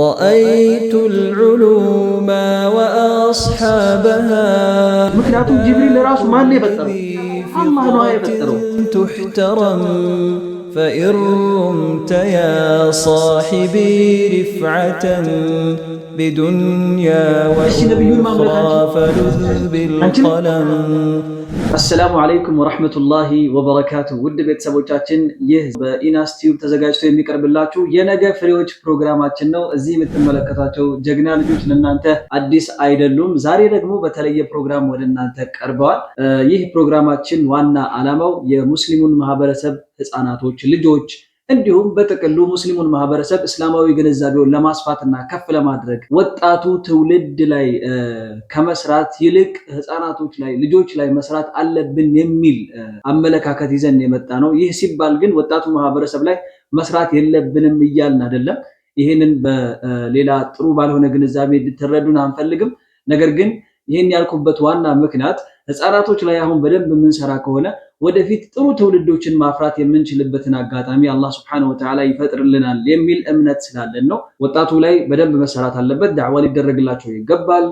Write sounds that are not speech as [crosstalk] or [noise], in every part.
رأيت العلوم وأصحابها مكتبات جبريل راسه ما اللي الله ما تحترم فإن رمت يا صاحبي رفعة بدنيا وأخرى فلذ بالقلم አሰላሙ አለይኩም ወረህመቱላሂ ወበረካቱ ውድ ቤተሰቦቻችን ይህ በኢናስቲዩብ ተዘጋጅቶ የሚቀርብላችሁ የነገ ፍሬዎች ፕሮግራማችን ነው። እዚህ የምትመለከታቸው ጀግና ልጆች ለእናንተ አዲስ አይደሉም። ዛሬ ደግሞ በተለየ ፕሮግራም ወደ እናንተ ቀርበዋል። ይህ ፕሮግራማችን ዋና ዓላማው የሙስሊሙን ማህበረሰብ ህፃናቶች፣ ልጆች እንዲሁም በጥቅሉ ሙስሊሙን ማህበረሰብ እስላማዊ ግንዛቤውን ለማስፋትና ከፍ ለማድረግ ወጣቱ ትውልድ ላይ ከመስራት ይልቅ ህፃናቶች ላይ ልጆች ላይ መስራት አለብን የሚል አመለካከት ይዘን የመጣ ነው። ይህ ሲባል ግን ወጣቱ ማህበረሰብ ላይ መስራት የለብንም እያልን አይደለም። ይህንን በሌላ ጥሩ ባልሆነ ግንዛቤ እንድትረዱን አንፈልግም። ነገር ግን ይህን ያልኩበት ዋና ምክንያት ህፃናቶች ላይ አሁን በደንብ የምንሰራ ከሆነ ወደፊት ጥሩ ትውልዶችን ማፍራት የምንችልበትን አጋጣሚ አላህ ስብሐነሁ ወተዓላ ይፈጥርልናል የሚል እምነት ስላለን ነው። ወጣቱ ላይ በደንብ መሰራት አለበት። ዳዕዋ ሊደረግላቸው ይገባል።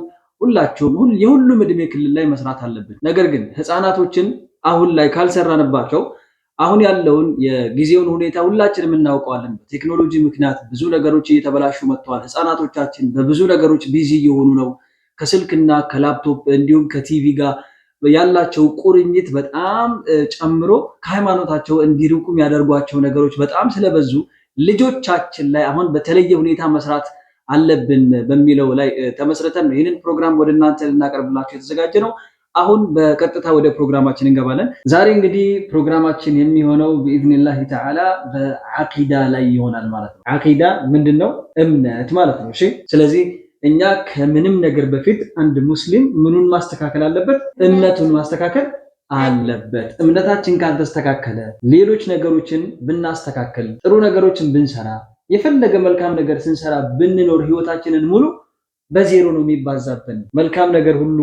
ሁላቸውም የሁሉም እድሜ ክልል ላይ መስራት አለብን። ነገር ግን ህፃናቶችን አሁን ላይ ካልሰራንባቸው አሁን ያለውን የጊዜውን ሁኔታ ሁላችንም እናውቀዋለን። በቴክኖሎጂ ምክንያት ብዙ ነገሮች እየተበላሹ መጥተዋል። ህፃናቶቻችን በብዙ ነገሮች ቢዚ እየሆኑ ነው። ከስልክና ከላፕቶፕ እንዲሁም ከቲቪ ጋር ያላቸው ቁርኝት በጣም ጨምሮ ከሃይማኖታቸው እንዲርቁ የሚያደርጓቸው ነገሮች በጣም ስለበዙ ልጆቻችን ላይ አሁን በተለየ ሁኔታ መስራት አለብን በሚለው ላይ ተመስርተን ነው ይህንን ፕሮግራም ወደ እናንተ ልናቀርብላቸው የተዘጋጀ ነው። አሁን በቀጥታ ወደ ፕሮግራማችን እንገባለን። ዛሬ እንግዲህ ፕሮግራማችን የሚሆነው ብኢዝኒላህ ተዓላ በዓቂዳ ላይ ይሆናል ማለት ነው። ዓቂዳ ምንድን ነው? እምነት ማለት ነው። እሺ ስለዚህ እኛ ከምንም ነገር በፊት አንድ ሙስሊም ምኑን ማስተካከል አለበት? እምነቱን ማስተካከል አለበት። እምነታችን ካልተስተካከለ ሌሎች ነገሮችን ብናስተካከል፣ ጥሩ ነገሮችን ብንሰራ፣ የፈለገ መልካም ነገር ስንሰራ ብንኖር ህይወታችንን ሙሉ በዜሮ ነው የሚባዛብን። መልካም ነገር ሁሉ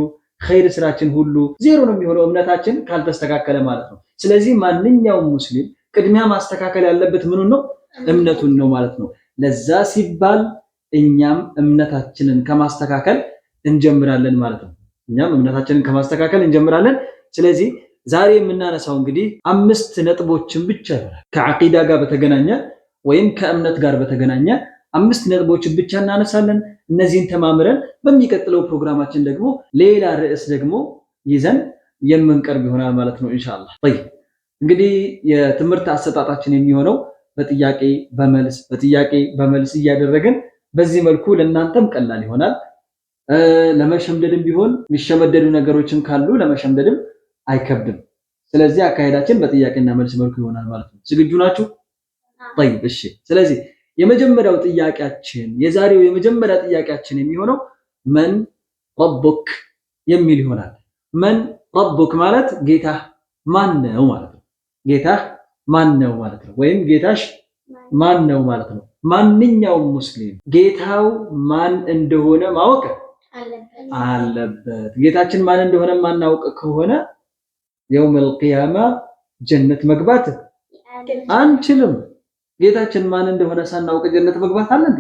ኸይር ስራችን ሁሉ ዜሮ ነው የሚሆነው እምነታችን ካልተስተካከለ ማለት ነው። ስለዚህ ማንኛውም ሙስሊም ቅድሚያ ማስተካከል ያለበት ምኑን ነው? እምነቱን ነው ማለት ነው። ለዛ ሲባል እኛም እምነታችንን ከማስተካከል እንጀምራለን ማለት ነው። እኛም እምነታችንን ከማስተካከል እንጀምራለን። ስለዚህ ዛሬ የምናነሳው እንግዲህ አምስት ነጥቦችን ብቻ ይሆናል። ከዓቂዳ ጋር በተገናኘ ወይም ከእምነት ጋር በተገናኘ አምስት ነጥቦችን ብቻ እናነሳለን። እነዚህን ተማምረን በሚቀጥለው ፕሮግራማችን ደግሞ ሌላ ርዕስ ደግሞ ይዘን የምንቀርብ ይሆናል ማለት ነው ኢንሻአላህ። ጠይብ እንግዲህ የትምህርት አሰጣጣችን የሚሆነው በጥያቄ በመልስ በጥያቄ በመልስ እያደረግን በዚህ መልኩ ለእናንተም ቀላል ይሆናል። ለመሸምደድም ቢሆን የሚሸመደዱ ነገሮችን ካሉ ለመሸምደድም አይከብድም። ስለዚህ አካሄዳችን በጥያቄና መልስ መልኩ ይሆናል ማለት ነው። ዝግጁ ናችሁ? ጠይብ እሺ። ስለዚህ የመጀመሪያው ጥያቄያችን የዛሬው የመጀመሪያ ጥያቄያችን የሚሆነው መን ረቡክ የሚል ይሆናል። መን ረቡክ ማለት ጌታ ማን ነው ማለት ነው። ጌታ ማን ነው ማለት ነው። ወይም ጌታሽ ማን ነው ማለት ነው። ማንኛውም ሙስሊም ጌታው ማን እንደሆነ ማወቅ አለበት። ጌታችን ማን እንደሆነ ማናውቅ ከሆነ የውም ቂያማ ጀነት መግባት አንችልም። ጌታችን ማን እንደሆነ ሳናውቅ ጀነት መግባት አለ እንዴ?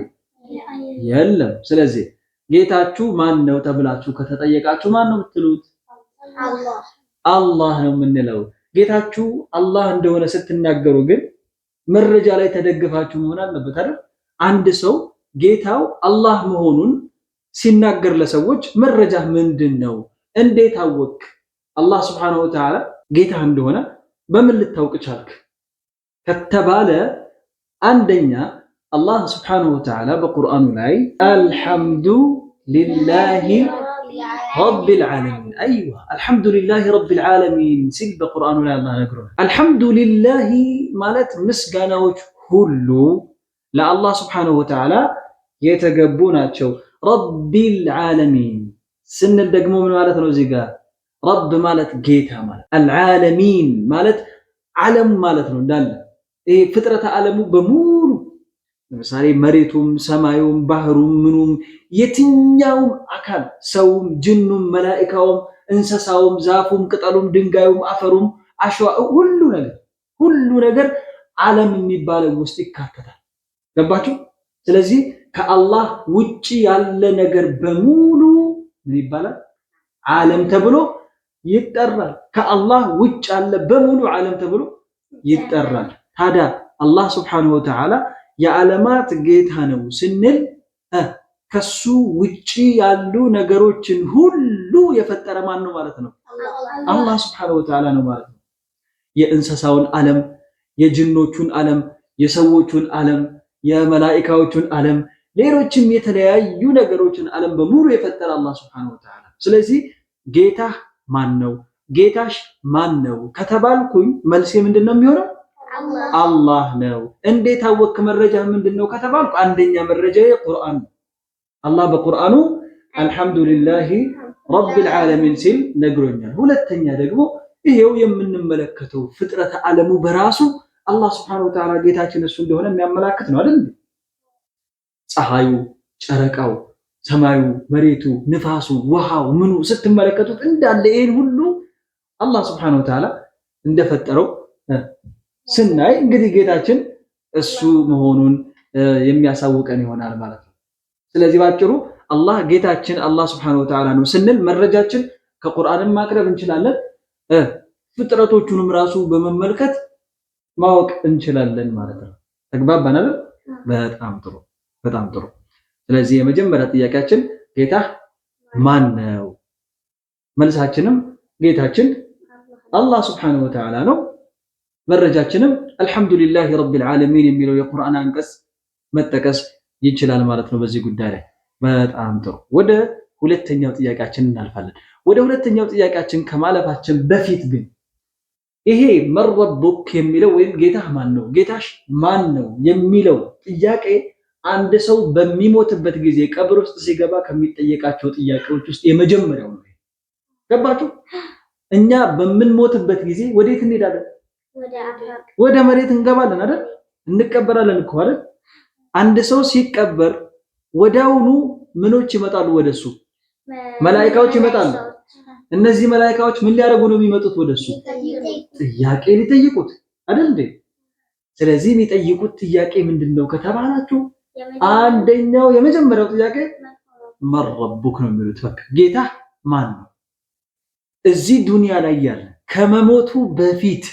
የለም። ስለዚህ ጌታችሁ ማን ነው ተብላችሁ ከተጠየቃችሁ ማን ነው የምትሉት? አላህ ነው የምንለው። ጌታችሁ አላህ እንደሆነ ስትናገሩ ግን መረጃ ላይ ተደግፋችሁ መሆን አለበት አይደል? አንድ ሰው ጌታው አላህ መሆኑን ሲናገር ለሰዎች መረጃ ምንድን ነው? እንዴት አወቅ? አላህ ስብሐነሁ ወተዓላ ጌታ እንደሆነ በምን ልታውቅ ቻልክ ከተባለ አንደኛ አላህ ስብሐነሁ ወተዓላ በቁርአኑ ላይ አልሐምዱ ሊላሂ ረቢል ዓለሚን አይዋ አልሐምዱሊላሂ ረቢል ዓለሚን ሲል በቁርአኑ ላይ አላህ ነግሮናል። አልሐምዱሊላሂ ማለት ምስጋናዎች ሁሉ ለአላህ ስብሓነሁ ወተዓላ የተገቡ ናቸው። ረቢል ዓለሚን ስንል ደግሞ ምን ማለት ነው? እዚህ ጋር ረብ ማለት ጌታ ማለት፣ አልዓለሚን ማለት ዓለም ማለት ነው። እንዳለ ይሄ ፍጥረተ ዓለሙ በሙሉ ለምሳሌ መሬቱም ሰማዩም ባህሩም ምኑም የትኛውም አካል ሰውም ጅኑም መላኢካውም እንስሳውም ዛፉም ቅጠሉም ድንጋዩም አፈሩም አሸዋ ሁሉ ነገር ሁሉ ነገር ዓለም የሚባለው ውስጥ ይካተታል። ገባችሁ? ስለዚህ ከአላህ ውጭ ያለ ነገር በሙሉ ምን ይባላል? ዓለም ተብሎ ይጠራል። ከአላህ ውጭ ያለ በሙሉ ዓለም ተብሎ ይጠራል። ታዲያ አላህ ስብሓነሁ ወተዓላ የዓለማት ጌታ ነው ስንል ከሱ ውጪ ያሉ ነገሮችን ሁሉ የፈጠረ ማን ነው ማለት ነው? አላህ ስብሐነሁ ወተዓላ ነው ማለት ነው። የእንስሳውን ዓለም፣ የጅኖቹን ዓለም፣ የሰዎቹን ዓለም፣ የመላኢካዎቹን ዓለም፣ ሌሎችም የተለያዩ ነገሮችን ዓለም በሙሉ የፈጠረ አላህ ስብሐነሁ ወተዓላ። ስለዚህ ጌታህ ማን ነው? ጌታሽ ማን ነው ከተባልኩኝ መልሴ ምንድን ነው የሚሆነው? አላህ ነው። እንዴት አወቅክ? መረጃ ምንድን ነው ከተባልኩ አንደኛ መረጃ ቁርአን ነው። አላህ በቁርአኑ አልሐምዱሊላሂ ረቢል ዓለሚን ሲል ነግሮኛል። ሁለተኛ ደግሞ ይሄው የምንመለከተው ፍጥረተ ዓለሙ በራሱ አላህ ስብሐነሁ ወተዓላ ጌታችን እሱ እንደሆነ የሚያመላክት ነው አይደል? ፀሐዩ፣ ጨረቃው፣ ሰማዩ፣ መሬቱ፣ ንፋሱ፣ ውሃው፣ ምኑ ስትመለከቱት እንዳለ ይሄን ሁሉ አላህ ስብሐነሁ ወተዓላ እንደፈጠረው ስናይ እንግዲህ ጌታችን እሱ መሆኑን የሚያሳውቀን ይሆናል ማለት ነው። ስለዚህ ባጭሩ አላህ ጌታችን አላህ ሱብሓነሁ ወተዓላ ነው ስንል መረጃችን ከቁርአንም ማቅረብ እንችላለን፣ ፍጥረቶቹንም ራሱ በመመልከት ማወቅ እንችላለን ማለት ነው። ተግባባን በጣም ጥሩ በጣም ጥሩ። ስለዚህ የመጀመሪያ ጥያቄያችን ጌታ ማን ነው? መልሳችንም ጌታችን አላህ ሱብሓነሁ ወተዓላ ነው። መረጃችንም አልሐምዱሊላህ ረቢል ዓለሚን የሚለው የቁርአን አንቀጽ መጠቀስ ይችላል ማለት ነው በዚህ ጉዳይ ላይ። በጣም ጥሩ። ወደ ሁለተኛው ጥያቄያችን እናልፋለን። ወደ ሁለተኛው ጥያቄያችን ከማለፋችን በፊት ግን ይሄ መረቡክ የሚለው ወይም ጌታህ ማን ነው፣ ጌታሽ ማን ነው የሚለው ጥያቄ አንድ ሰው በሚሞትበት ጊዜ ቀብር ውስጥ ሲገባ ከሚጠየቃቸው ጥያቄዎች ውስጥ የመጀመሪያው ነው። ገባችሁ? እኛ በምንሞትበት ጊዜ ወዴት እንሄዳለን? ወደ መሬት እንገባለን አይደል? እንቀበራለን እኮ አይደል? አንድ ሰው ሲቀበር ወዲያውኑ ምኖች ይመጣሉ ወደሱ፣ መላኢካዎች ይመጣሉ። እነዚህ መላኢካዎች ምን ሊያደርጉ ነው የሚመጡት ወደሱ? ጥያቄ ሊጠይቁት አይደል እንዴ? ስለዚህ የሚጠይቁት ጥያቄ ምንድን ነው ከተባላችሁ አንደኛው የመጀመሪያው ጥያቄ መረቡክ ነው የሚሉት። በቃ ጌታ ማን ነው? እዚህ ዱንያ ላይ ያለ ከመሞቱ በፊት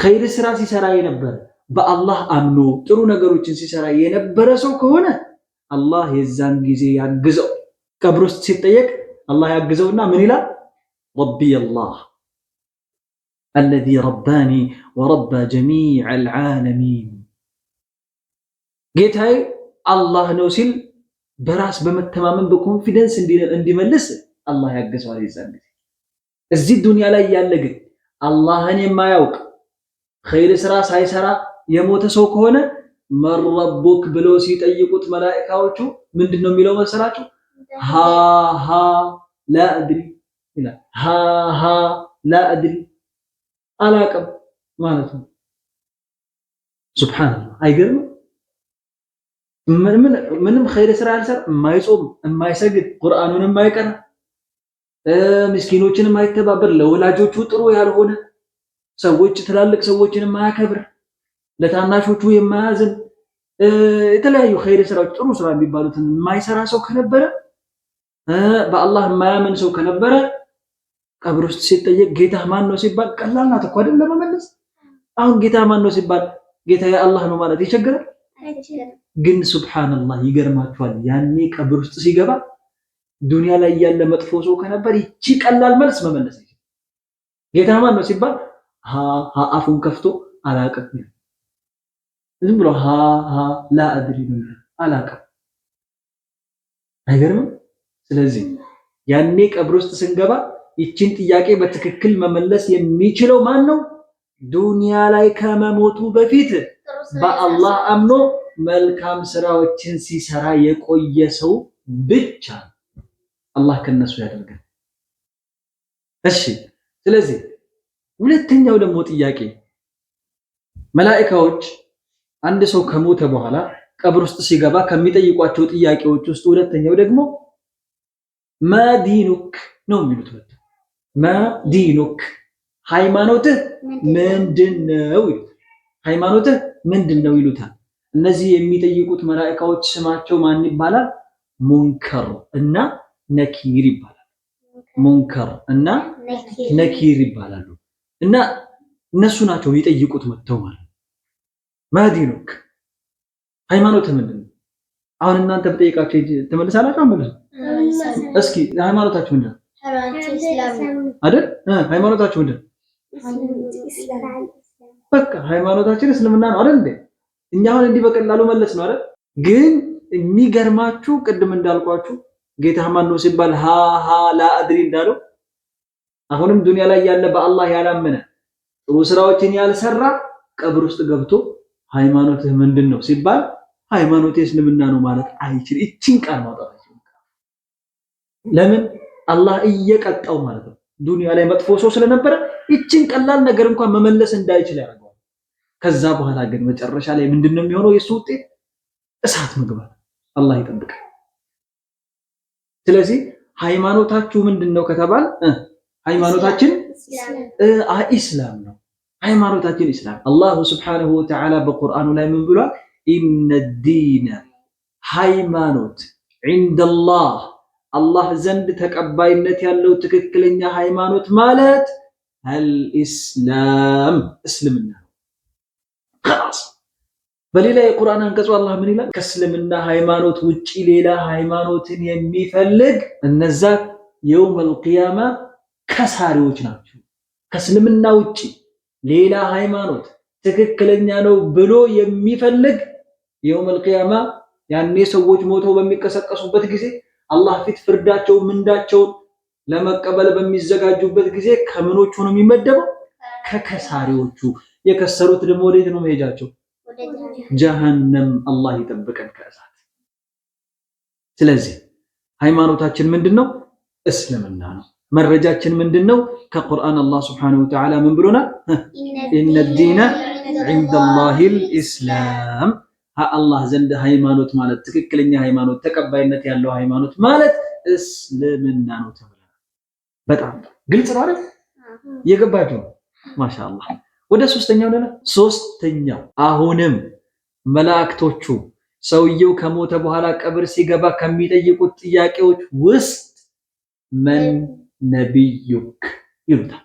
ኸይር ስራ ሲሰራ የነበረ በአላህ አምኖ ጥሩ ነገሮችን ሲሰራ የነበረ ሰው ከሆነ አላህ የዛን ጊዜ ያግዘው። ቀብር ውስጥ ሲጠየቅ አላህ ያግዘውና ምን ይላል? ረቢ አላህ አለዚ ረባኒ ወረባ ጀሚዕ አልዓለሚን ጌታዬ አላህ ነው ሲል በራስ በመተማመን በኮንፊደንስ እንዲመልስ አላህ ያግዘዋል። የዛን ጊዜ እዚህ ዱንያ ላይ ያለ ግን አላህን የማያውቅ ኸይር ስራ ሳይሰራ የሞተ ሰው ከሆነ መረቡክ ብሎ ሲጠይቁት መላእካዎቹ ምንድን ነው የሚለው መሰላችሁ? ሃ ሃ ላአድሪ ይላል። ሃ ሃ ላአድሪ አላቅም ማለት ነው። ሱብሓነላህ አይገርምም? ምንም ኸይር ስራ ያልሰራ የማይጾም የማይሰግድ ቁርአኑን የማይቀራ ምስኪኖችን የማይተባበር ለወላጆቹ ጥሩ ያልሆነ ሰዎች ትላልቅ ሰዎችን የማያከብር ለታናሾቹ የማያዝን የተለያዩ ኸይር ስራዎች ጥሩ ስራ የሚባሉትን የማይሰራ ሰው ከነበረ በአላህ የማያምን ሰው ከነበረ ቀብር ውስጥ ሲጠየቅ ጌታ ማን ነው ሲባል ቀላል ናት እኮ አይደል ለመመለስ። አሁን ጌታ ማን ነው ሲባል ጌታ የአላህ ነው ማለት ይቸግራል። ግን ሱብሃነላህ ይገርማችኋል። ያኔ ቀብር ውስጥ ሲገባ ዱንያ ላይ ያለ መጥፎ ሰው ከነበር ይቺ ቀላል መልስ መመለስ ጌታ ማን ነው ሲባል አፉን ከፍቶ አላቅም ይላል። ዝም ብሎ ላ አድሪ ነው አላቅም። አይገርምም? ስለዚህ ያኔ ቀብር ውስጥ ስንገባ ይችን ጥያቄ በትክክል መመለስ የሚችለው ማን ነው? ዱንያ ላይ ከመሞቱ በፊት በአላህ አምኖ መልካም ስራዎችን ሲሰራ የቆየ ሰው ብቻ አላህ ከነሱ ያደርጋል። እሺ፣ ስለዚህ ሁለተኛው ደግሞ ጥያቄ መላእካዎች አንድ ሰው ከሞተ በኋላ ቀብር ውስጥ ሲገባ ከሚጠይቋቸው ጥያቄዎች ውስጥ ሁለተኛው ደግሞ ማዲኑክ ነው የሚሉት። ወጥ ማዲኑክ ሃይማኖትህ ምንድነው? ይሉታል። ሃይማኖትህ ምንድነው? ይሉታል። እነዚህ የሚጠይቁት መላእካዎች ስማቸው ማን ይባላል? ሙንከር እና ነኪር ይባላል። ሙንከር እና ነኪር ይባላሉ። እና እነሱ ናቸው የጠይቁት መጥተው ማለት ማዲኑክ ሃይማኖት ምንድን ነው? አሁን እናንተ በጠይቃችሁ ትመልሳላችሁ አንበልሱ። እስኪ ሃይማኖታችሁ ምንድን ነው አይደል? ሃይማኖታችሁ ምንድን ነው? በቃ ሃይማኖታችን እስልምና ነው አይደል እንዴ? እኛ አሁን እንዲህ በቀላሉ መለስ ነው አይደል? ግን የሚገርማችሁ ቅድም እንዳልኳችሁ ጌታ ማን ነው ሲባል ሃ ሃ ላ አድሪ እንዳለው አሁንም ዱንያ ላይ ያለ በአላህ ያላመነ ጥሩ ስራዎችን ያልሰራ ቀብር ውስጥ ገብቶ ሃይማኖትህ ምንድን ነው ሲባል ሃይማኖት እስልምና ነው ማለት አይችል። እቺን ቃል ማውጣት ለምን? አላህ እየቀጣው ማለት ነው። ዱንያ ላይ መጥፎ ሰው ስለነበረ እቺን ቀላል ነገር እንኳን መመለስ እንዳይችል ያደርገዋል። ከዛ በኋላ ግን መጨረሻ ላይ ምንድን ነው የሚሆነው? የእሱ ውጤት እሳት መግባት። አላህ ይጠብቃል። ስለዚህ ሃይማኖታችሁ ምንድን ነው ከተባል ሃይማኖታችን ኢስላም ነው። ሃይማኖታችን ኢስላም። አላሁ ስብሓነሁ ወተዓላ በቁርአኑ ላይ ምን ብሏል? ኢነ ዲነ ሃይማኖት ዒንደላህ አላህ ዘንድ ተቀባይነት ያለው ትክክለኛ ሃይማኖት ማለት አልኢስላም እስልምና ነው። በሌላ የቁርአን አንቀጹ አላህ ምን ይላል? ከእስልምና ሃይማኖት ውጪ ሌላ ሃይማኖትን የሚፈልግ እነዛ የውም አልቂያማ ከሳሪዎች ናቸው። ከእስልምና ውጭ ሌላ ሃይማኖት ትክክለኛ ነው ብሎ የሚፈልግ የውም ቂያማ ያኔ ሰዎች ሞተው በሚቀሰቀሱበት ጊዜ አላህ ፊት ፍርዳቸው ምንዳቸውን ለመቀበል በሚዘጋጁበት ጊዜ ከምኖቹ ነው የሚመደበው? ከከሳሪዎቹ። የከሰሩት ደግሞ ወዴት ነው መሄጃቸው? ጀሀነም። አላህ ይጠብቀን ከእሳት። ስለዚህ ሃይማኖታችን ምንድን ነው? እስልምና ነው። መረጃችን ምንድን ነው? ከቁርአን አላህ ስብሐነሁ ወተዓላ ምን ብሎናል? ኢነ ዲነ ዒንደላሂል ኢስላም አላህ ዘንድ ሃይማኖት ማለት ትክክለኛ ሃይማኖት ተቀባይነት ያለው ሃይማኖት ማለት እስልምና ነው ተብሏል። በጣም ግልጽ ነው አይደል? እየገባችሁ ማሻአላህ። ወደ ሶስተኛው ደለ ሶስተኛው አሁንም መላእክቶቹ ሰውየው ከሞተ በኋላ ቀብር ሲገባ ከሚጠይቁት ጥያቄዎች ውስጥ ምን ነቢዩክ ይሉታል።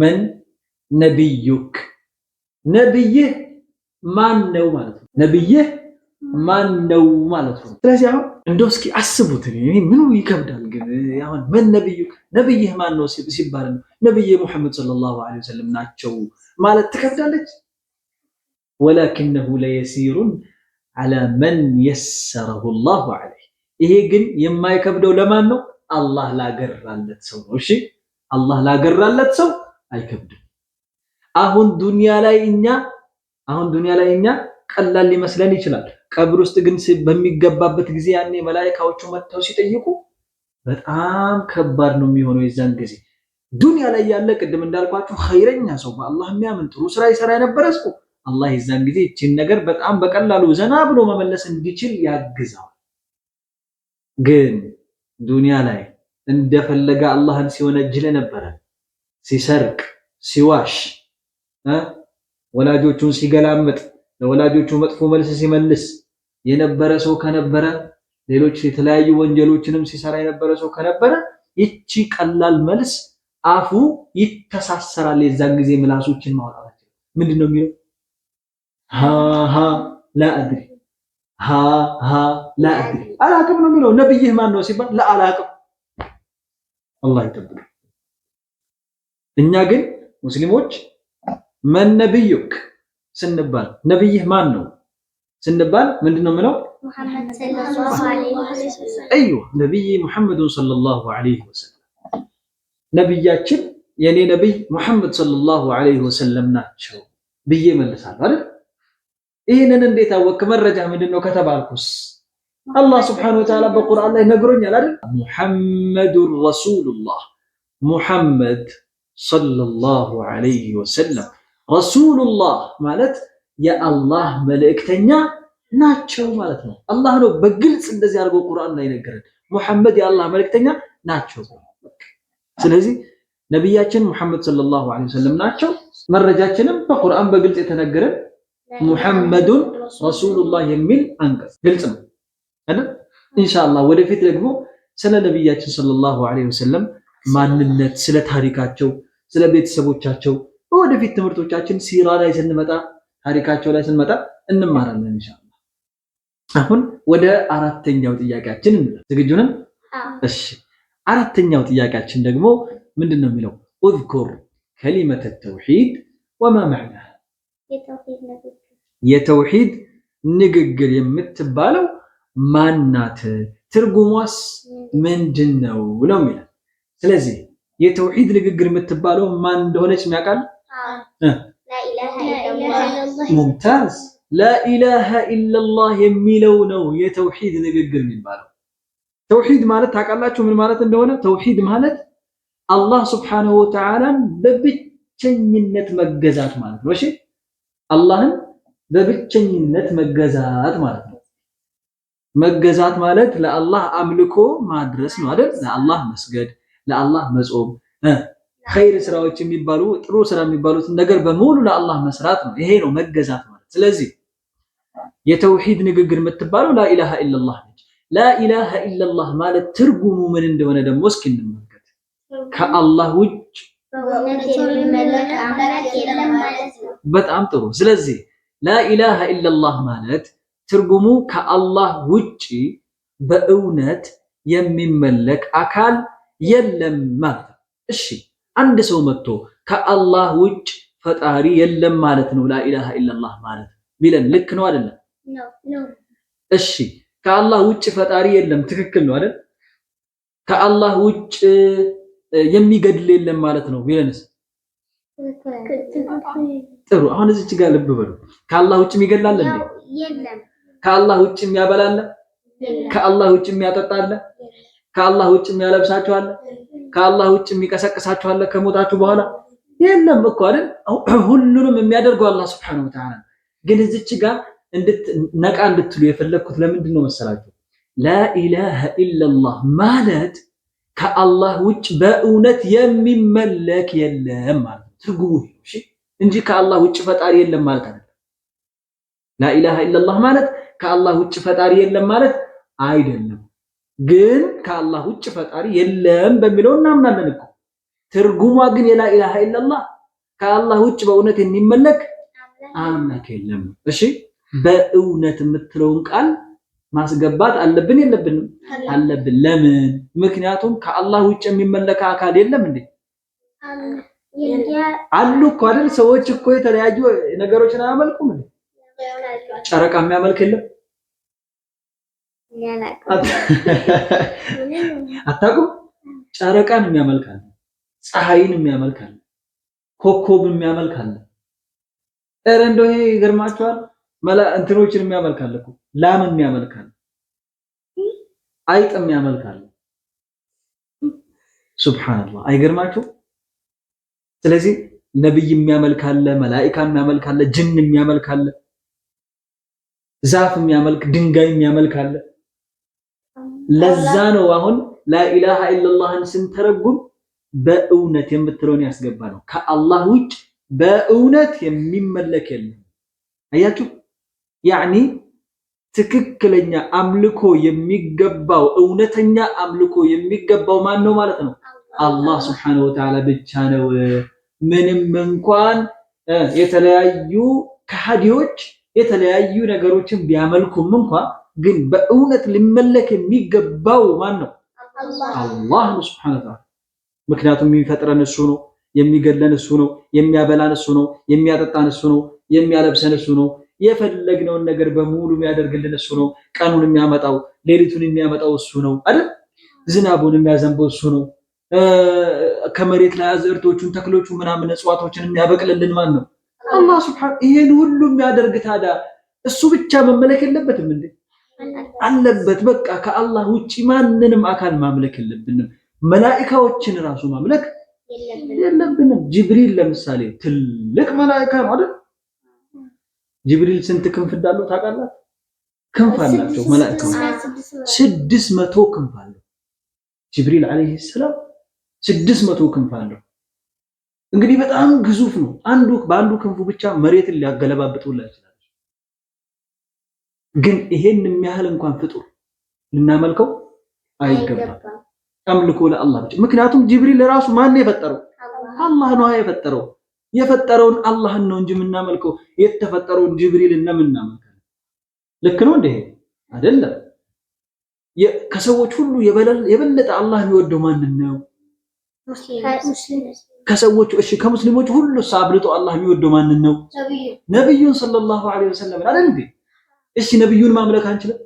ምን ነቢዩክ፣ ነቢይህ ማን ነው ማለት ነው። ነቢይህ ማን ነው ማለት ነው። ስለዚህ አሁን እንደው እስኪ አስቡት። ምኑ ይከብዳል ግን አሁን ምን ነቢዩክ፣ ነቢይህ ማን ነው ሲባል ነው ነቢይ ሙሐመድ ሰለላሁ ዐለይሂ ወሰለም ናቸው ማለት ትከብዳለች። ወላኪነሁ ለየሲሩን ዐላ መን የሰረሁ ላሁ ዐለይህ። ይሄ ግን የማይከብደው ለማን ነው? አላህ ላገራለት ሰው ነው። እሺ አላህ ላገራለት ሰው አይከብድም። አሁን ዱንያ ላይ እኛ አሁን ዱንያ ላይ እኛ ቀላል ሊመስለን ይችላል። ቀብር ውስጥ ግን በሚገባበት ጊዜ ያኔ መላኢካዎቹ መጥተው ሲጠይቁ በጣም ከባድ ነው የሚሆነው የዛን ጊዜ። ዱንያ ላይ ያለ ቅድም እንዳልኳችሁ ኸይረኛ ሰው በአላህ የሚያምን ጥሩ ስራ ይሰራ የነበረ ሰው አላህ የዛን ጊዜ ይችን ነገር በጣም በቀላሉ ዘና ብሎ መመለስ እንዲችል ያግዛል ግን ዱንያ ላይ እንደፈለገ አላህን ሲወነጅል ነበረ። ሲሰርቅ፣ ሲዋሽ፣ ወላጆቹን ሲገላምጥ፣ ለወላጆቹ መጥፎ መልስ ሲመልስ የነበረ ሰው ከነበረ ሌሎች የተለያዩ ወንጀሎችንም ሲሰራ የነበረ ሰው ከነበረ ይቺ ቀላል መልስ አፉ ይተሳሰራል። የዛን ጊዜ ምላሶችን ማውጣታቸው ምንድን ነው የሚለው ሀ ላ አድሪ ሃ አላቅም ነው የሚለው። ነብይህ ማን ነው ሲባል ለአላቅም። አላህ ይጠብቅ። እኛ ግን ሙስሊሞች መን ነብዩክ ስንባል ነብይህ ማን ነው ስንባል ምንድን ነው የምለው? እዩ ነብይ ሙሐመዱን ሰለላሁ ዐለይሂ ወሰለም ነብያችን የኔ ነብይ ሙሐመድ ሰለላሁ ዐለይሂ ወሰለም ናቸው ብዬ መልሳለሁ አይደል ይህንን እንዴት አወቅ? መረጃ ምንድን ነው ከተባልኩስ አላህ ስብሐነሁ ወተዓላ በቁርአን ላይ ነግሮኛል አይደል? ሙሐመዱን ረሱሉላህ ሙሐመድ ሰለላሁ ዐለይሂ ወሰለም ረሱሉላህ ማለት የአላህ መልእክተኛ ናቸው ማለት ነው። አላህ ነው በግልጽ እንደዚህ አድርጎ ቁርአን ላይ ነገረን። ሙሐመድ የአላህ መልእክተኛ ናቸው። ስለዚህ ነቢያችን ሙሐመድ ሰለላሁ ዐለይሂ ወሰለም ናቸው። መረጃችንም በቁርአን በግልጽ የተነገረን ሙሐመዱን ረሱሉላህ የሚል አንቀጽ ግልጽ ነው አይደል? ኢንሻአላህ ወደፊት ደግሞ ስለ ነቢያችን ሰለላሁ ዐለይሂ ወሰለም ማንነት፣ ስለ ታሪካቸው፣ ስለ ቤተሰቦቻቸው በወደፊት ትምህርቶቻችን ሲራ ላይ ስንመጣ ታሪካቸው ላይ ስንመጣ እንማራለን ኢንሻአላህ። አሁን ወደ አራተኛው ጥያቄያችን ዝግጁ ነን? እሺ። አራተኛው ጥያቄያችን ደግሞ ምንድን ነው የሚለው? اذكر كلمة التوحيد وما معناها የተውሂድ ንግግር የምትባለው ማናት? ትርጉሟስ ምንድን ነው ነው የሚለው። ስለዚህ የተውሂድ ንግግር የምትባለው ማን እንደሆነች የሚያውቃል? ሙምታዝ። ላኢላሃ ኢለላህ የሚለው ነው የተውሂድ ንግግር የሚባለው። ተውሂድ ማለት ታውቃላችሁ ምን ማለት እንደሆነ? ተውሂድ ማለት አላህ ስብሓነሁ ወተዓላን በብቸኝነት መገዛት ማለት ነው። እሺ አላህን በብቸኝነት መገዛት ማለት ነው። መገዛት ማለት ለአላህ አምልኮ ማድረስ ነው አይደል? ለአላህ መስገድ፣ ለአላህ መጾም፣ ኸይር ስራዎች የሚባሉ ጥሩ ስራ የሚባሉትን ነገር በሙሉ ለአላህ መስራት ነው። ይሄ ነው መገዛት ማለት። ስለዚህ የተውሂድ ንግግር የምትባለው ላኢላሃ ኢለላህ ነች። ላኢላሃ ኢለላህ ማለት ትርጉሙ ምን እንደሆነ ደግሞ እስኪ እንመልከት። ከአላህ ውጭ በጣም ጥሩ። ስለዚህ ላኢላሃ ኢለላህ ማለት ትርጉሙ ከአላህ ውጭ በእውነት የሚመለክ አካል የለም ማለት ነው። እሺ አንድ ሰው መጥቶ ከአላህ ውጭ ፈጣሪ የለም ማለት ነው ላኢላሃ ኢለላህ ማለት ቢለን ልክ ነው አይደለም? እሺ ከአላህ ውጭ ፈጣሪ የለም ትክክል ነው አይደል? ከአላህ ውጭ የሚገድል የለም ማለት ነው ቢለንስ ጥሩ። አሁን እዚች ጋር ልብ በሉ። ከአላህ ውጭ የሚገላል እንዴ? የለም። ከአላህ ውጭ የሚያበላል? ከአላህ ውጭ የሚያጠጣለ ከአላህ ውጭ የሚያለብሳችኋል? ከአላህ ውጭ የሚቀሰቅሳችኋል? ከሞታችሁ በኋላ የለም እኮ አይደል? [clears throat] ሁሉንም የሚያደርገው አላህ Subhanahu Wa Ta'ala። ግን እዚች ጋር ነቃ እንድትሉ የፈለግኩት ለምንድን ነው መሰላችሁ? ላኢላሃ ኢለላህ ማለት ከአላህ ውጭ በእውነት የሚመለክ የለም ማለት ትርጉሙ እንጂ ከአላህ ውጭ ፈጣሪ የለም ማለት አይደለም። ላኢላሃ ኢለላህ ማለት ከአላህ ውጭ ፈጣሪ የለም ማለት አይደለም። ግን ከአላህ ውጭ ፈጣሪ የለም በሚለው እናምናለን እኮ ትርጉሟ ግን የላኢላሃ ኢለላህ ከአላህ ውጭ በእውነት የሚመለክ አምላክ የለም። እሺ በእውነት የምትለውን ቃል ማስገባት አለብን የለብንም? አለብን። ለምን? ምክንያቱም ከአላህ ውጭ የሚመለክ አካል የለም እንዴ? አሉ እኮ አይደል? ሰዎች እኮ የተለያዩ ነገሮችን አያመልኩም። ጨረቃ የሚያመልክ የለም አታውቁም? ጨረቃን የሚያመልክ አለ፣ ፀሐይን የሚያመልክ አለ፣ ኮኮብ የሚያመልክ አለ። ኧረ እንደው ይሄ ይገርማችኋል። መላ እንትኖችን የሚያመልክ አለ እኮ ላም የሚያመልክ አለ፣ አይጥ የሚያመልክ አለ። ሱብሃንአላህ አይገርማችሁም? ስለዚህ ነብይ የሚያመልካለ፣ መላኢካ የሚያመልካለ፣ ጅን የሚያመልካለ፣ ዛፍ የሚያመልክ፣ ድንጋይ የሚያመልካለ። ለዛ ነው አሁን ላኢላሃ ኢለላህን ስንተረጉም በእውነት የምትለውን ያስገባ ነው። ከአላህ ውጭ በእውነት የሚመለክ የለም። አያችሁ ያኒ ትክክለኛ አምልኮ የሚገባው እውነተኛ አምልኮ የሚገባው ማን ነው ማለት ነው? አላህ ስብሓነሁ ወተዓላ ብቻ ነው። ምንም እንኳን የተለያዩ ከሃዲዎች የተለያዩ ነገሮችን ቢያመልኩም እንኳን ግን በእውነት ሊመለክ የሚገባው ማን ነው? አላህ ነው ሱብሓነሁ ወተዓላ። ምክንያቱም የሚፈጥረን እሱ ነው፣ የሚገለን እሱ ነው፣ የሚያበላን እሱ ነው፣ የሚያጠጣን እሱ ነው፣ የሚያለብሰን እሱ ነው፣ የፈለግነውን ነገር በሙሉ የሚያደርግልን እሱ ነው፣ ቀኑን የሚያመጣው ሌሊቱን የሚያመጣው እሱ ነው አይደል? ዝናቡን የሚያዘንበው እሱ ነው። ከመሬት ላይ አዝርቶቹን ተክሎቹ ምናምን እጽዋቶችን የሚያበቅልልን ማን ነው? አላህ ስብሐን። ይሄን ሁሉ የሚያደርግ ታዲያ እሱ ብቻ መመለክ የለበትም እንዴ? አለበት። በቃ ከአላህ ውጪ ማንንም አካል ማምለክ የለብንም። መላኢካዎችን ራሱ ማምለክ የለብንም። ጅብሪል ለምሳሌ ትልቅ መላኢካ ነው አይደል? ጅብሪል ስንት ክንፍ እንዳለው ታውቃላት? ክንፍ አላቸው መላኢካዎች፣ ስድስት መቶ ክንፍ አለው ጅብሪል አለይሂ ሰላም ስድስት መቶ ክንፍ አለው። እንግዲህ በጣም ግዙፍ ነው። አንዱ በአንዱ ክንፉ ብቻ መሬትን ሊያገለባብጥላ ይችላል። ግን ይሄን የሚያህል እንኳን ፍጡር ልናመልከው አይገባም። አምልኮ ለአላህ ብቻ። ምክንያቱም ጅብሪል ራሱ ማን የፈጠረው አላህ ነው የፈጠረው። የፈጠረውን አላህን ነው እንጂ የምናመልከው የተፈጠረውን ጅብሪልን ነው ልክ ነው እንዴ? አይደለም። ከሰዎች ሁሉ የበለጠ አላህ የሚወደው ማንን ነው? ከሰዎቹ እሺ፣ ከሙስሊሞች ሁሉ አብልጦ አላህ የሚወደው ማንን ነው? ነብዩን ሰለላሁ ዐለይሂ ወሰለም አይደል እንዴ? እሺ፣ ነብዩን ማምለክ አንችልም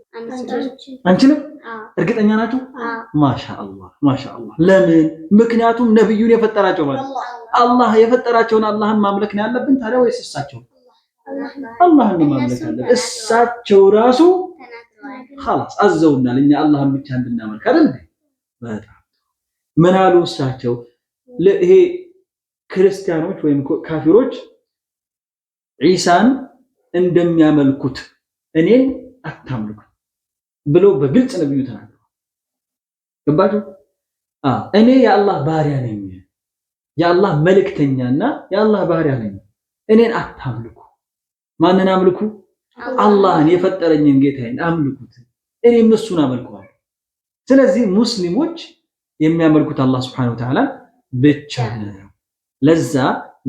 አንችልም? እርግጠኛ ናችሁ? ማሻአላህ ማሻአላህ። ለምን? ምክንያቱም ነብዩን የፈጠራቸው ማለት አላህ የፈጠራቸውን አላህን ማምለክ ነው ያለብን። ታዲያ ወይስ እሳቸው አላህን ማምለክ አለብን? እሳቸው ራሱ ኸላስ አዘውናል፣ እኛ አላህን ብቻ እንድናመልክ አይደል እንዴ? በጣም ምን አሉ እሳቸው? ይሄ ክርስቲያኖች ወይም ካፊሮች ዒሳን እንደሚያመልኩት እኔን አታምልኩ ብለው በግልጽ ነብዩ ተናግረዋል። ገባችሁ? እኔ የአላህ ባሪያ ነኝ፣ የአላህ መልእክተኛና የአላህ ባሪያ ነኝ። እኔን አታምልኩ። ማንን አምልኩ? አላህን የፈጠረኝን ጌታዬን አምልኩት። እኔም እሱን አመልከዋለሁ። ስለዚህ ሙስሊሞች የሚያመልኩት አላህ ስብሐነሁ ወተዓላ ብቻ ነው። ለዛ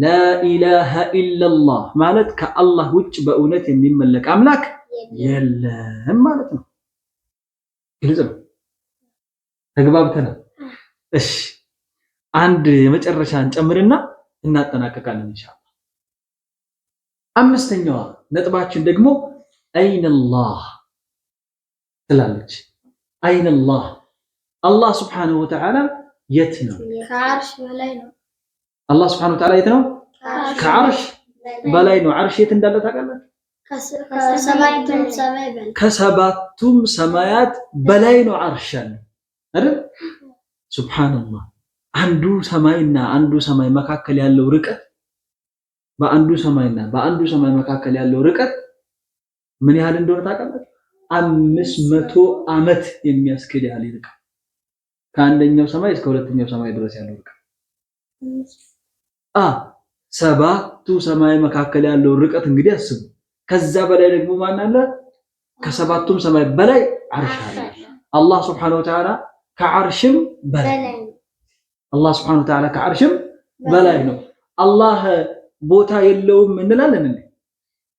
ላኢላሃ ኢለላህ ማለት ከአላህ ውጭ በእውነት የሚመለክ አምላክ የለም ማለት ነው። ግልጽ ነው። ተግባብተናል። እሺ አንድ የመጨረሻን ጨምርና እናጠናቀቃለን ኢንሻአላህ። አምስተኛዋ ነጥባችን ደግሞ አይነላህ ትላለች። አይነላህ አላህ ስብሓነሁ ወተዓላ የት ነው? አላህ ስብሓነሁ ወተዓላ የት ነው? ከዓርሽ በላይ ነው። ዓርሽ የት እንዳለ ታውቃለህ? ከሰባቱም ሰማያት በላይ ነው ዓርሽ ያለው አይደል? ሱብሓነላህ። አንዱ ሰማይና አንዱ ሰማይ መካከል ያለው ርቀት በአንዱ ሰማይና በአንዱ ሰማይ መካከል ያለው ርቀት ምን ያህል እንደሆነ ታውቃለህ? አምስት መቶ ዓመት የሚያስኬድ ያህል ይርቃል። ከአንደኛው ሰማይ እስከ ሁለተኛው ሰማይ ድረስ ያለው ርቀት አ ሰባቱ ሰማይ መካከል ያለው ርቀት እንግዲህ አስቡ። ከዛ በላይ ደግሞ ማን አለ? ከሰባቱም ሰማይ በላይ አርሽ አለ። አላህ Subhanahu Wa Ta'ala ከአርሽም በላይ አላህ Subhanahu Wa Ta'ala ከአርሽም በላይ ነው። አላህ ቦታ የለውም እንላለን እንዴ?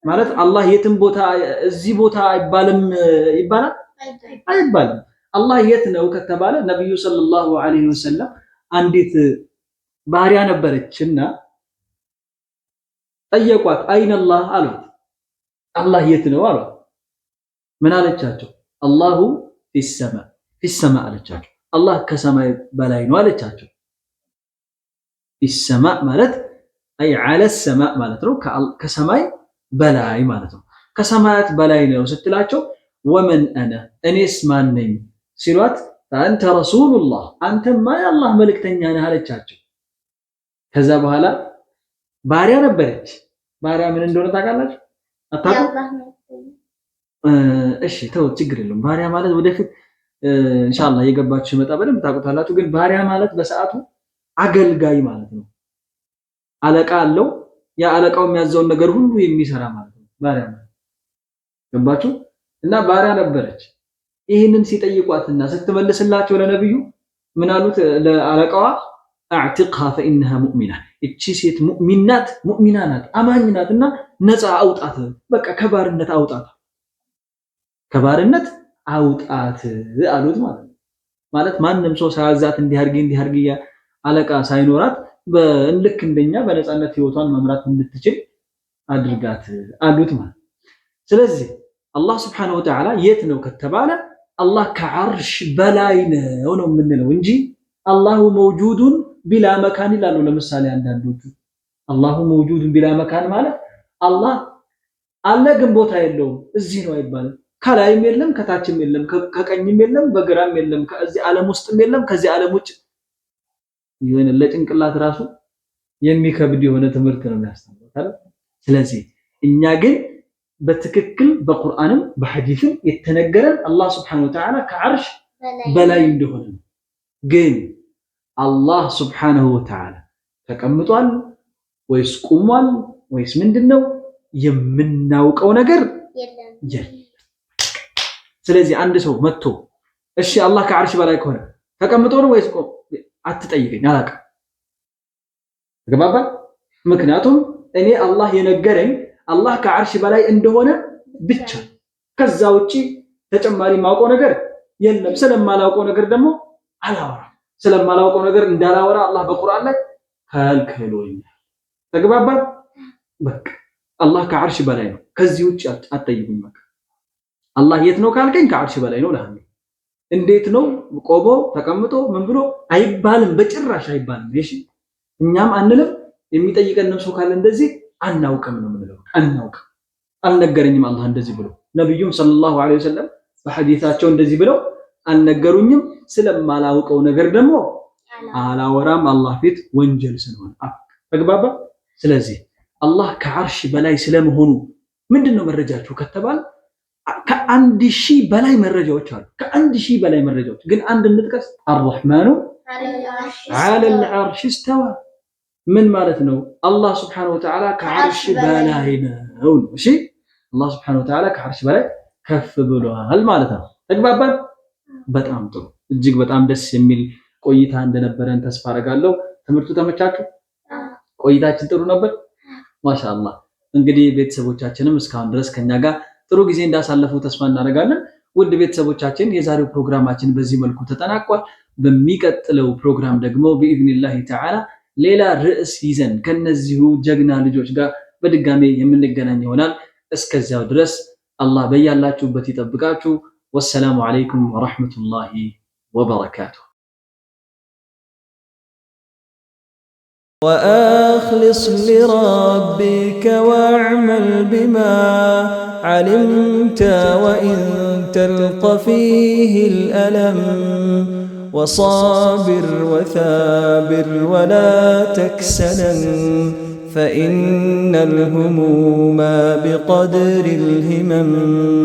ማለት አላህ የትም ቦታ እዚህ ቦታ አይባልም ይባላል አይባልም አላህ የት ነው ከተባለ ነቢዩ ሰለላሁ ዐለይሂ ወሰለም አንዲት ባህሪያ ነበረችና ጠየቋት። አይነላህ አሏት። አላህ የት ነው አሏት። ምን አለቻቸው? አላሁ ፊሰማ ፊሰማ አለቻቸው። አላህ ከሰማይ በላይ ነው አለቻቸው። ፊሰማ ማለት አይ ዐለ ሰማ ማለት ነው፣ ከሰማይ በላይ ማለት ነው። ከሰማያት በላይ ነው ስትላቸው ወመን አነ እኔስ ማን ነኝ ሲሏት አንተ ረሱሉላህ አንተማ የአላህ መልእክተኛ ነህ አለቻቸው። ከዛ በኋላ ባሪያ ነበረች። ባሪያ ምን እንደሆነ ታውቃላችሁ? እሺ ተው፣ ችግር የለውም። ባሪያ ማለት ወደፊት ኢንሻአላህ እየገባችሁ ይመጣ በደንብ ታውቁታላችሁ። ግን ባሪያ ማለት በሰዓቱ አገልጋይ ማለት ነው። አለቃ አለው። ያ አለቃው የሚያዘውን ነገር ሁሉ የሚሰራ ማለት ነው ባሪያ ማለት ገባችሁ? እና ባሪያ ነበረች ይህንን ሲጠይቋትና ስትመልስላቸው ለነብዩ ምን አሉት? ለአለቃዋ አዕቲቅሃ ፈኢነሃ ሙእሚና፣ እቺ ሴት ሙእሚን ናት፣ ሙእሚና ናት፣ አማኝ ናትና ነፃ አውጣት፣ በቃ ከባርነት አውጣት፣ ከባርነት አውጣት አሉት ማለት ነው። ማለት ማንም ሰው ሳያዛት እንዲያርግ እንዲያርጊ አለቃ ሳይኖራት ልክ እንደኛ በነፃነት ህይወቷን መምራት እንድትችል አድርጋት አሉት ማለት። ስለዚህ አላህ ስብሐነሁ ወተዓላ የት ነው ከተባለ አላህ ከዓርሽ በላይ ነው ነው የምንለው እንጂ አላሁ መውጁዱን ቢላ መካን ይላሉ። ለምሳሌ አንዳንዶቹ አላሁ መውጁዱን ቢላ መካን ማለት አላህ አለ ግን ቦታ የለውም እዚህ ነው አይባልም። ከላይም የለም ከታችም የለም ከቀኝም የለም በግራም የለም ከዚህ ዓለም ውስጥም የለም ከዚህ ዓለም ውጭ የሆነ ለጭንቅላት ራሱ የሚከብድ የሆነ ትምህርት ነው የሚያስተምሩት። ስለዚህ እኛ ግን በትክክል በቁርአንም በሐዲስም የተነገረን አላህ ስብሐነሁ ወተዓላ ከዓርሽ በላይ እንደሆነ ነው። ግን አላህ ስብሐነሁ ወተዓላ ተቀምጧል ወይስ ቁሟል ወይስ ምንድን ነው የምናውቀው ነገር የለም። ስለዚህ አንድ ሰው መጥቶ እሺ አላህ ከዓርሽ በላይ ከሆነ ተቀምጦ ነው ወይስ አትጠይቀኝ፣ አላውቅም። ተገባባል? ምክንያቱም እኔ አላህ የነገረኝ አላህ ከዓርሽ በላይ እንደሆነ ብቻ ከዛ ውጪ ተጨማሪ ማውቀው ነገር የለም። ስለማላውቀው ነገር ደግሞ አላወራ። ስለማላውቀው ነገር እንዳላወራ አላህ በቁርአን ላይ ከልክሎኛል። ተግባባ። በቃ አላህ ከዓርሽ በላይ ነው። ከዚህ ውጪ አትጠይቁኝ። በቃ አላህ የት ነው ካልከኝ ከዓርሽ በላይ ነው እልሃለሁ። እንዴት ነው ቆሞ ተቀምጦ ምን ብሎ አይባልም፣ በጭራሽ አይባልም። እሺ እኛም አንልም። የሚጠይቀንም ሰው ካለ እንደዚህ አናውቅም ነው የምንለው። አናውቅም አልነገረኝም፣ አላህ እንደዚህ ብሎ ነቢዩም ሰለላሁ ዐለይሂ ወሰለም በሐዲታቸው እንደዚህ ብለው አልነገሩኝም። ስለማላውቀው ነገር ደግሞ አላወራም አላህ ፊት ወንጀል ስለሆነ ተግባባ። ስለዚህ አላህ ከዓርሽ በላይ ስለመሆኑ ምንድን ነው መረጃችሁ ከተባል? ከአንድ ሺህ በላይ መረጃዎች አሉ። ከአንድ ሺህ በላይ መረጃዎች ግን አንድ እንጥቀስ። አርራህማኑ ዐለል ዐርሽ ስተዋ ምን ማለት ነው? አላህ ስብሐነሁ ወተዓላ ከዓርሽ በላይ ነው። እሺ አላህ ስብሐነሁ ወተዓላ ከዓርሽ በላይ ከፍ ብሏል ማለት ነው። ተግባባን? በጣም ጥሩ። እጅግ በጣም ደስ የሚል ቆይታ እንደነበረን ተስፋ አደርጋለሁ። ትምህርቱ ተመቻችሁ? ቆይታችን ጥሩ ነበር። ማሻአላህ እንግዲህ ቤተሰቦቻችንም እስካሁን ድረስ ከኛ ጋር ጥሩ ጊዜ እንዳሳለፉ ተስፋ እናደርጋለን። ውድ ቤተሰቦቻችን የዛሬው ፕሮግራማችን በዚህ መልኩ ተጠናቋል። በሚቀጥለው ፕሮግራም ደግሞ ቢኢዝኒላሂ ተዓላ ሌላ ርዕስ ይዘን ከነዚሁ ጀግና ልጆች ጋር በድጋሜ የምንገናኝ ይሆናል። እስከዚያው ድረስ አላህ በያላችሁበት ይጠብቃችሁ። ወሰላሙ ዓለይኩም ወረሕመቱላሂ ወበረካቱ። وأخلص لربك واعمل بما علمت وإن تلق فيه الألم وصابر وثابر ولا تكسلا فإن الهموم بقدر الهمم